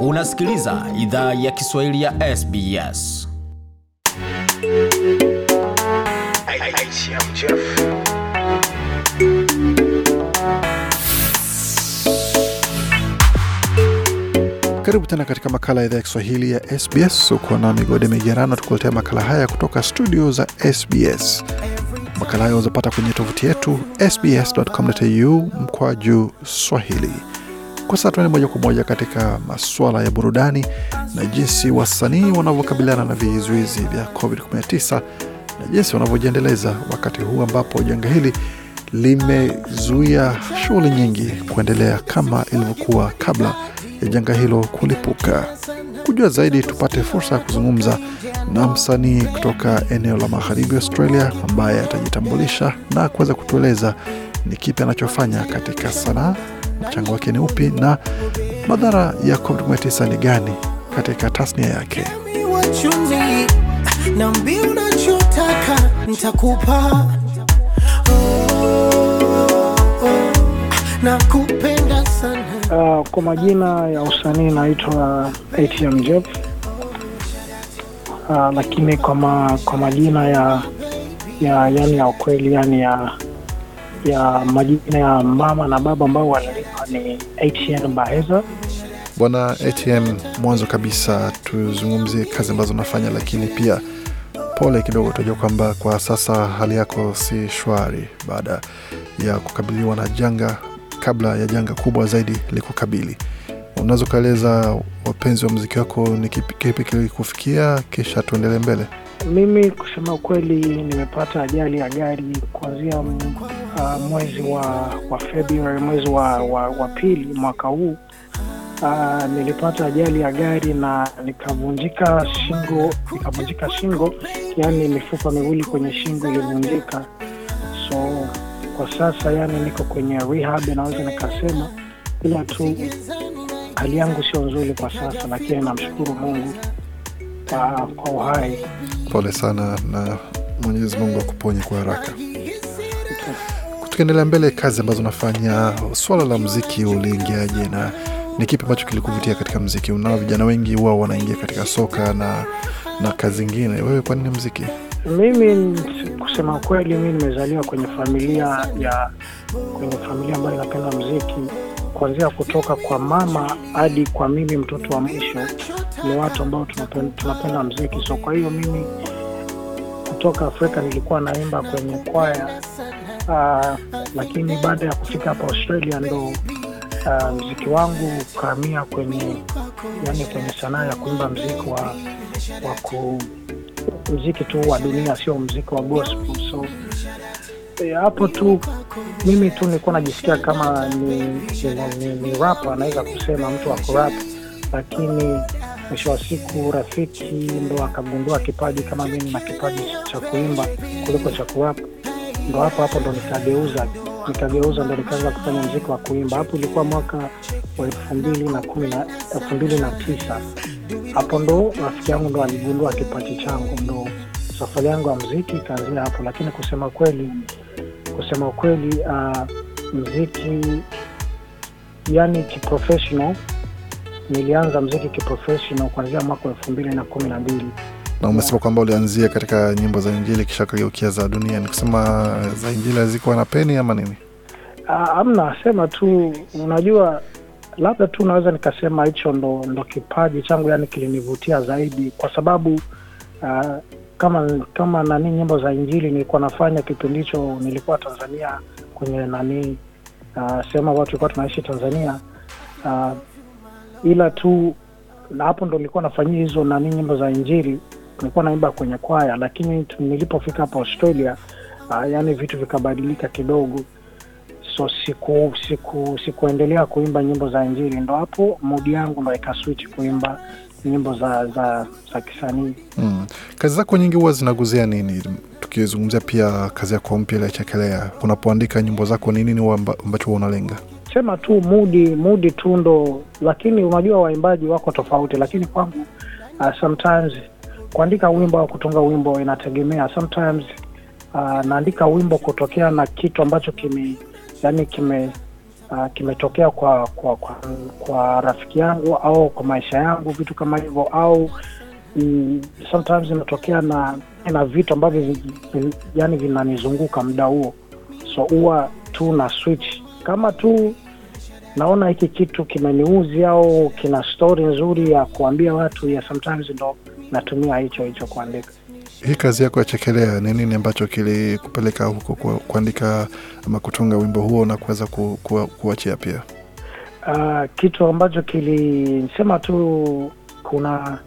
Unasikiliza idhaa ya Kiswahili ya SBS. Karibu tena katika makala ya idhaa ya Kiswahili ya SBS. Uko na migode migerano, tukuletea makala haya kutoka studio za SBS. Makala hayo wazapata kwenye tovuti yetu sbs.com.au mkwa juu swahili kwa sasa tuende moja kwa moja katika masuala ya burudani na jinsi wasanii wanavyokabiliana na vizuizi vya COVID-19 na jinsi wanavyojiendeleza wakati huu ambapo janga hili limezuia shughuli nyingi kuendelea kama ilivyokuwa kabla ya janga hilo kulipuka. Kujua zaidi, tupate fursa ya kuzungumza na msanii kutoka eneo la magharibi Australia ambaye atajitambulisha na kuweza kutueleza ni kipi anachofanya katika sanaa mchango wake ni upi na madhara ya COVID-19 ni gani katika tasnia yake. Oh, uh, kwa majina ya usanii naitwa ATM Job. Uh, lakini kwa, kwa majina ya, ya yani ya ukweli yani ya ya majina ya mama na baba ambao wanalipa ni ATM Baheza. Bwana ATM, mwanzo kabisa tuzungumzie kazi ambazo unafanya, lakini pia pole kidogo, utajua kwamba kwa sasa hali yako si shwari baada ya kukabiliwa na janga, kabla ya janga kubwa zaidi likukabili. Unaweza ukaeleza wapenzi wa muziki wako ni kipi kilikufikia, kisha tuendelee mbele? Mimi kusema ukweli, nimepata ajali ya gari kuanzia mwezi wa, wa Februari, mwezi wa, wa, wa pili mwaka huu uh, nilipata ajali ya gari na nikavunjika shingo, nikavunjika shingo, yani mifupa miwili kwenye shingo ilivunjika. So kwa sasa yani niko kwenye rehab, naweza nikasema, ila tu hali yangu sio nzuri kwa sasa, lakini namshukuru Mungu kwa uhai. Pole sana na Mwenyezi Mungu akuponye kwa haraka tukiendelea mbele, kazi ambazo unafanya, swala la mziki uliingiaje na ni kipi ambacho kilikuvutia katika mziki? Unao vijana wengi wao wanaingia katika soka na na kazi zingine, wewe kwa nini mziki? Mimi kusema kweli mi nimezaliwa kwenye familia ya kwenye familia ambayo inapenda mziki, kuanzia kutoka kwa mama hadi kwa mimi mtoto wa mwisho, ni watu ambao tunapenda, tunapenda mziki. So kwa hiyo mimi kutoka Afrika nilikuwa naimba kwenye kwaya uh, lakini baada ya kufika hapa Australia ndo uh, mziki wangu ukahamia kwenye yani kwenye sanaa ya kuimba mziki wa, wa ku, mziki tu wa dunia, sio mziki wa gospel. So eh, hapo e, tu mimi tu nilikuwa najisikia kama ni, ni, ni, ni rap anaweza kusema mtu ako lakini mwisho wa siku rafiki ndo akagundua kipaji kama mimi na kipaji cha kuimba kuliko cha kurapa ndo hapo hapo ndo nikageuza nikageuza ndo nikaanza kufanya mziki wa kuimba. Hapo ilikuwa mwaka wa elfu mbili na kumi na elfu mbili na tisa. Hapo ndo rafiki yangu ndo aligundua kipati changu, ndo safari yangu ya mziki ikaanzia hapo. Lakini kusema kweli, kusema kweli uh, ah, mziki yani kiprofessional, nilianza mziki kiprofessional kuanzia mwaka wa elfu mbili na kumi na mbili na umesema kwamba ulianzia katika nyimbo za Injili kisha kageukia za dunia. Ni kusema eh, za Injili hazikuwa na peni ama nini? Ah, Amna, sema tu, unajua labda tu naweza nikasema hicho ndo, ndo kipaji changu, yani kilinivutia zaidi kwa sababu uh, kama kama nani nyimbo za Injili nilikuwa nafanya kipindi hicho, nilikuwa Tanzania kwenye nani uh, sehemu ambao tulikuwa tunaishi Tanzania uh, ila tu na hapo ndo nilikuwa nafanyia hizo nani nyimbo za Injili tulikuwa naimba kwenye kwaya, lakini nilipofika hapa Australia uh, yani vitu vikabadilika kidogo, so siku siku sikuendelea kuimba nyimbo za Injili, ndo hapo mudi yangu ndo ikaswitch kuimba nyimbo za za, za kisanii mm. Kazi zako nyingi huwa zinaguzia nini? Tukizungumzia pia kazi yako mpya ile unapoandika nyimbo zako ni nini ambacho unalenga? Sema tu mudi mudi tu ndo, lakini unajua waimbaji wako tofauti, lakini kwangu uh, sometimes Kuandika wimbo au kutunga wimbo inategemea. Sometimes uh, naandika wimbo kutokea na kitu ambacho kime yani kime uh, kimetokea kwa kwa, kwa kwa rafiki yangu au kwa maisha yangu, vitu kama hivyo, au mm, sometimes inatokea na na vitu ambavyo yani vinanizunguka muda huo, so huwa tu na switch kama tu naona hiki kitu kimeniuzi au kina story nzuri ya kuambia watu ya sometimes ndo natumia hicho hicho kuandika. Hii kazi yako ya Chekelea, ni nini ambacho kilikupeleka huko kuandika ama kutunga wimbo huo na kuweza kuachia pia? Uh, kitu ambacho kilisema tu kuna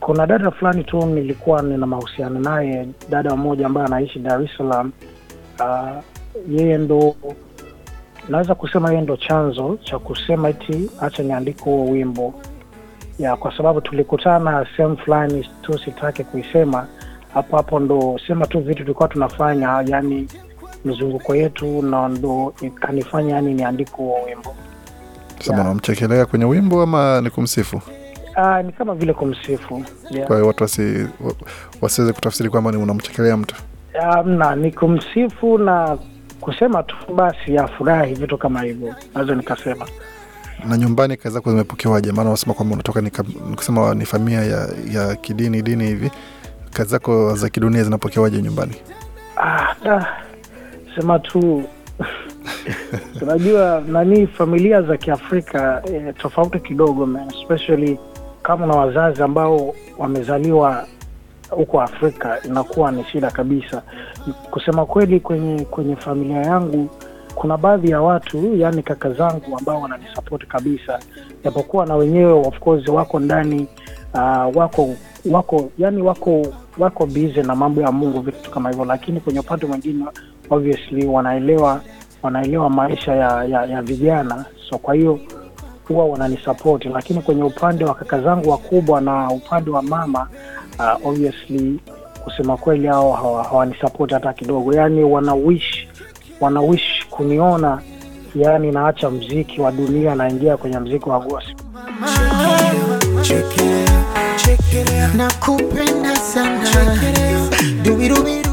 kuna dada fulani tu nilikuwa nina mahusiano naye, dada mmoja ambaye anaishi Dar es Salaam. Uh, yeye ndo naweza kusema yeye ndo chanzo cha kusema eti acha niandike huo wimbo ya, kwa sababu tulikutana sehemu fulani tu, sitake kuisema hapo hapo, ndo sema tu vitu tulikuwa tunafanya, yani mizunguko yetu, na ndo ikanifanya yani niandiko wa wimbo. Sema unamchekelea kwenye wimbo ama ni kumsifu? Uh, ni kama vile kumsifu yeah. Kwa hiyo watu wasi, wasiweze kutafsiri kwamba ni unamchekelea mtu mna, ni kumsifu na kusema tu basi ya furahi, vitu kama hivyo naweza nikasema na nyumbani kazi zako zimepokewaje? Maana unasema kwamba unatoka nikusema ni familia ya, ya kidini dini hivi, kazi zako za kidunia zinapokewaje nyumbani? Ah, da, sema tu unajua nani, familia za Kiafrika eh, tofauti kidogo man, especially kama na wazazi ambao wamezaliwa huko Afrika inakuwa ni shida kabisa. Kusema kweli, kwenye kwenye familia yangu kuna baadhi ya watu yani kaka zangu ambao wananisapoti kabisa, japokuwa na wenyewe of course wako ndani uh, wako wako yani wako wako bize na mambo ya Mungu vitu kama hivyo, lakini kwenye upande mwingine obviously wanaelewa wanaelewa maisha ya, ya, ya vijana so kwa hiyo huwa wananisapoti, lakini kwenye upande wa kaka zangu wakubwa na upande wa mama uh, obviously kusema kweli hao hawanisapoti hawa hata kidogo, yani wanawish wanawish kuniona yani naacha mziki wa dunia naingia kwenye mziki wa gospel.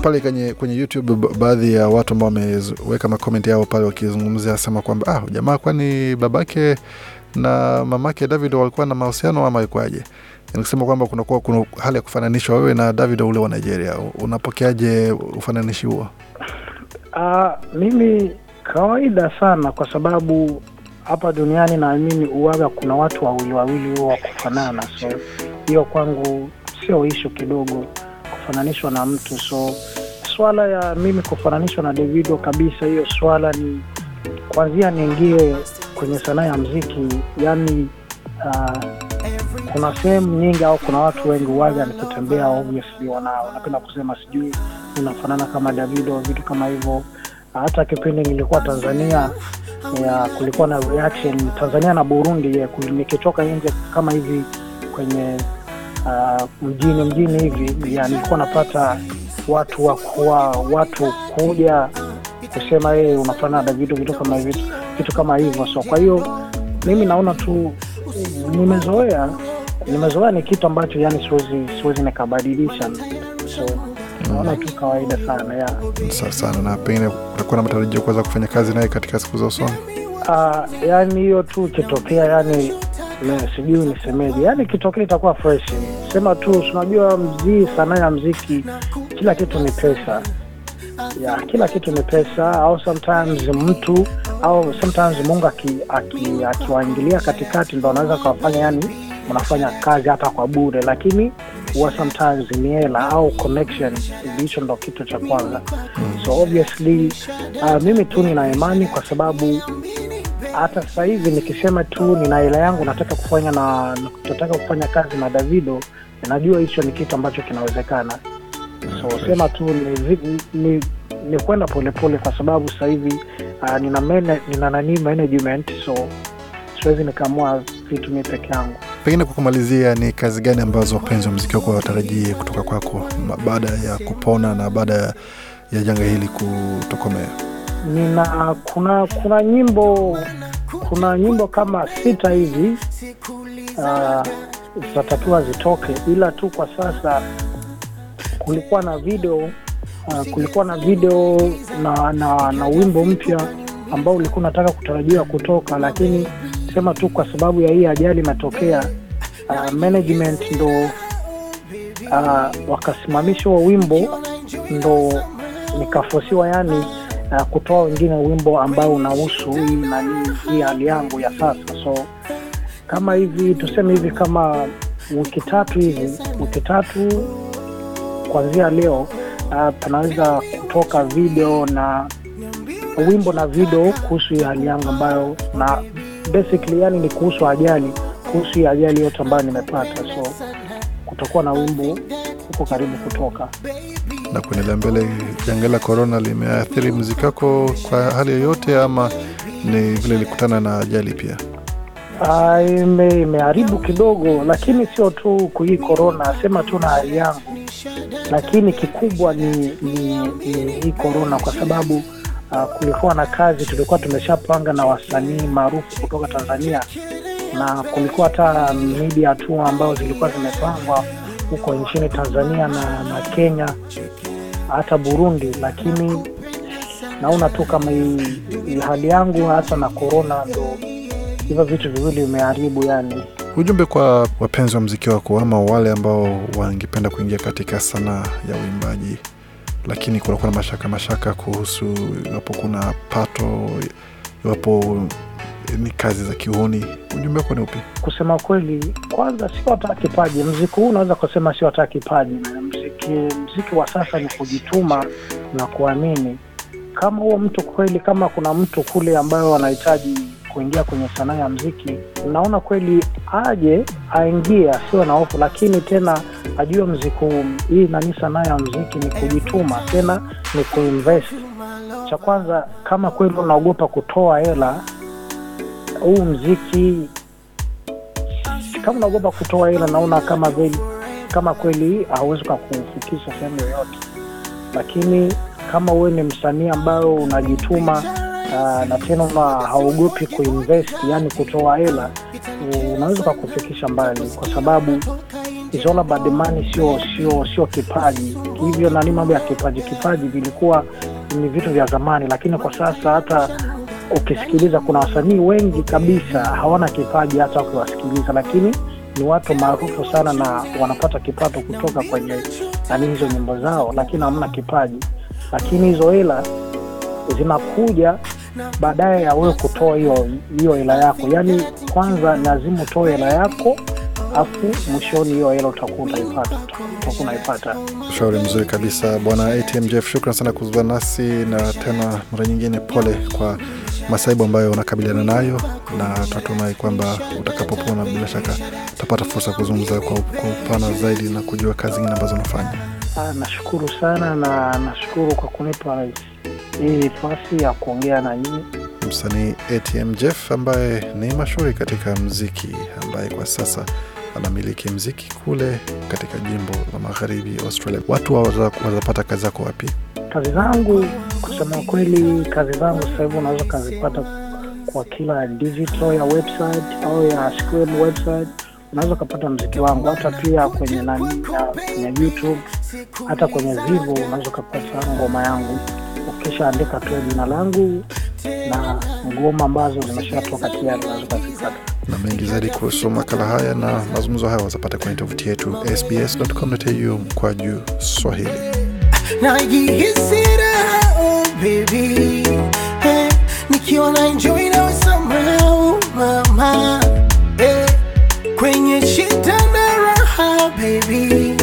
Pale kwenye, kwenye YouTube baadhi ya watu ambao wameweka makomenti yao pale wakizungumzia sema kwamba ah, jamaa kwani babake na mamake David walikuwa na mahusiano ama ikwaje? Nikisema kwamba kunakuwa kuna hali ya kufananishwa wewe na David ule wa Nigeria, unapokeaje ufananishi huo? Uh, mimi Kawaida sana kwa sababu hapa duniani naamini uwaga kuna watu wawili wawili huo wa kufanana, so hiyo kwangu sio ishu kidogo kufananishwa na mtu. So swala ya mimi kufananishwa na Davido kabisa, hiyo swala ni kwanzia niingie kwenye sanaa ya mziki, yani uh, kuna sehemu nyingi au kuna watu wengi waga nikutembea, obviously wanao napenda kusema sijui unafanana kama Davido, vitu kama hivyo hata kipindi nilikuwa Tanzania ya kulikuwa na reaction Tanzania na Burundi ya nikitoka nje kama hivi kwenye uh, mjini mjini hivi ya nilikuwa napata watu wakuwa watu kuja kusema e, unafanana na vitu vitu kama vitu vitu kama hivyo. So kwa hiyo mimi naona tu nimezoea nimezoea, ni kitu ambacho yani siwezi siwezi nikabadilisha so naona tu kawaida sana ya sawa sana. Na pengine utakuwa na matarajio kuweza kufanya kazi naye katika siku za usoni? Uh, ah, yani hiyo tu ikitokea, yani sijui nisemeje, yani kitokea itakuwa fresh. Sema tu unajua, mzii, sanaa ya mziki, kila kitu ni pesa ya kila kitu ni pesa, au sometimes mtu au sometimes Mungu akiwaingilia aki, aki katikati ndo anaweza kawafanya, yani mnafanya kazi hata kwa bure, lakini huwa sometimes ni hela au connection, hicho ndo kitu cha kwanza mm. So obviously uh, mimi tu nina imani kwa sababu hata sasa hivi nikisema tu nina hela yangu nataka kufanya na nataka kufanya kazi na Davido, najua hicho ni kitu ambacho kinawezekana. So sema tu ni, ni, ni kwenda polepole kwa sababu sasa hivi uh, nina, nina nani management so siwezi nikaamua vitu mi peke yangu. Pengine kwa kumalizia, ni kazi gani ambazo wapenzi wa mziki wako watarajie kutoka kwako baada ya kupona na baada ya janga hili kutokomea? Nina kuna kuna nyimbo kuna nyimbo kama sita hivi uh, zitoke, ila tu kwa sasa kulikuwa na video uh, kulikuwa na video na na, na wimbo mpya ambao ulikuwa unataka kutarajiwa kutoka, lakini kusema tu kwa sababu ya hii ajali imetokea, uh, management ndo uh, wa wimbo, ndo nikafosiwa yani uh, kutoa wengine wimbo ambao unahusu hii nani hii hali yangu ya sasa. So kama hivi tuseme hivi kama wiki tatu hivi, wiki tatu kuanzia leo uh, panaweza kutoka video na wimbo na video kuhusu hii hali yangu ambayo na basically, yani ni kuhusu ajali, kuhusu ajali yote ambayo nimepata, so kutakuwa na wimbo huko karibu kutoka. Na kuendelea mbele, janga la korona limeathiri mziki wako kwa hali yoyote, ama ni vile ilikutana na ajali pia? Ah, ime, imeharibu kidogo, lakini sio tu hii korona, sema tu na hali yangu, lakini kikubwa ni hii korona kwa sababu uh, kulikuwa na kazi tulikuwa tumeshapanga na wasanii maarufu kutoka Tanzania na kulikuwa hata media tu ambazo zilikuwa zimepangwa huko nchini Tanzania na, na Kenya hata Burundi, lakini naona tu kama hii hali yangu hasa na korona ndo hivyo vitu viwili vimeharibu yani. Ujumbe kwa wapenzi wa mziki wako ama wale ambao wangependa kuingia katika sanaa ya uimbaji? lakini kunakuwa na mashaka mashaka kuhusu iwapo kuna pato, iwapo ni kazi za kiuhuni. Ujumbe wako ni upi? Kusema kweli, kwanza si wataa kipaji. Mziki huu unaweza kusema si wataa kipaji. Mziki, mziki wa sasa ni kujituma na kuamini. Kama huo mtu kweli, kama kuna mtu kule ambayo wanahitaji kuingia kwenye sanaa ya mziki, naona kweli aje, aingie, asiwe na hofu, lakini tena ajue mziki hii nani, sanaa ya mziki ni kujituma, tena ni kuinvest. Cha kwanza, kama kweli unaogopa kutoa hela, huu mziki, kama unaogopa kutoa hela, naona kama vile kama kweli hauwezi kufikisha sehemu yoyote, lakini kama wewe ni msanii ambayo unajituma Ah, na tena haogopi kuinvest, yani kutoa hela, unaweza ukakufikisha mbali, kwa sababu isola all money, sio sio sio kipaji hivyo. Nani mambo ya kipaji, kipaji vilikuwa ni vitu vya zamani, lakini kwa sasa hata ukisikiliza kuna wasanii wengi kabisa hawana kipaji hata kuwasikiliza, lakini ni watu maarufu sana na wanapata kipato kutoka kwenye nani hizo nyimbo zao, lakini hamna kipaji. Lakini hizo hela zinakuja baadaye ya wewe kutoa hiyo hiyo hela yako. Yaani kwanza lazima utoe hela yako, afu mwishoni hiyo hela utakuwa utaipata utakuwa unaipata. Ushauri mzuri kabisa Bwana ATM Jeff, shukran sana kuzungumza nasi, na tena mara nyingine pole kwa masaibu ambayo unakabiliana nayo, na tunatumai kwamba utakapopona, bila shaka utapata fursa ya kuzungumza kwa upana zaidi na kujua kazi ingine ambazo unafanya. Ah, nashukuru sana na nashukuru kwa kunipa hii nafasi ya kuongea na nyinyi. Msanii ATM Jeff ambaye ni mashuhuri katika mziki, ambaye kwa sasa anamiliki mziki kule katika jimbo la magharibi Australia. Watu watapata kazi zako wapi? Kazi zangu kusema kweli, kazi zangu sasa hivi unaweza kazipata kwa kila digital ya website au ya screen website unaweza ukapata mziki wangu hata pia kwenye nani, kwenye YouTube hata kwenye Vivo unaweza ukapata ngoma yangu ukishaandika tu jina langu na ngoma ambazo zimeshatoka tayari na mengi zaidi kuhusu makala haya na mazungumzo haya wazapata kwenye tovuti yetu sbs.com.au kwa juu Swahili. Eh, enjoy na mama, eh, kwenye raha baby